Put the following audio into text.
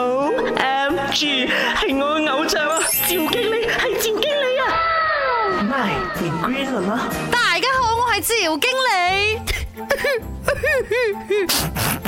O M G，係我嘅偶像啊！趙經理係趙經理啊！咪你 green 啦！大家好，我係趙經理。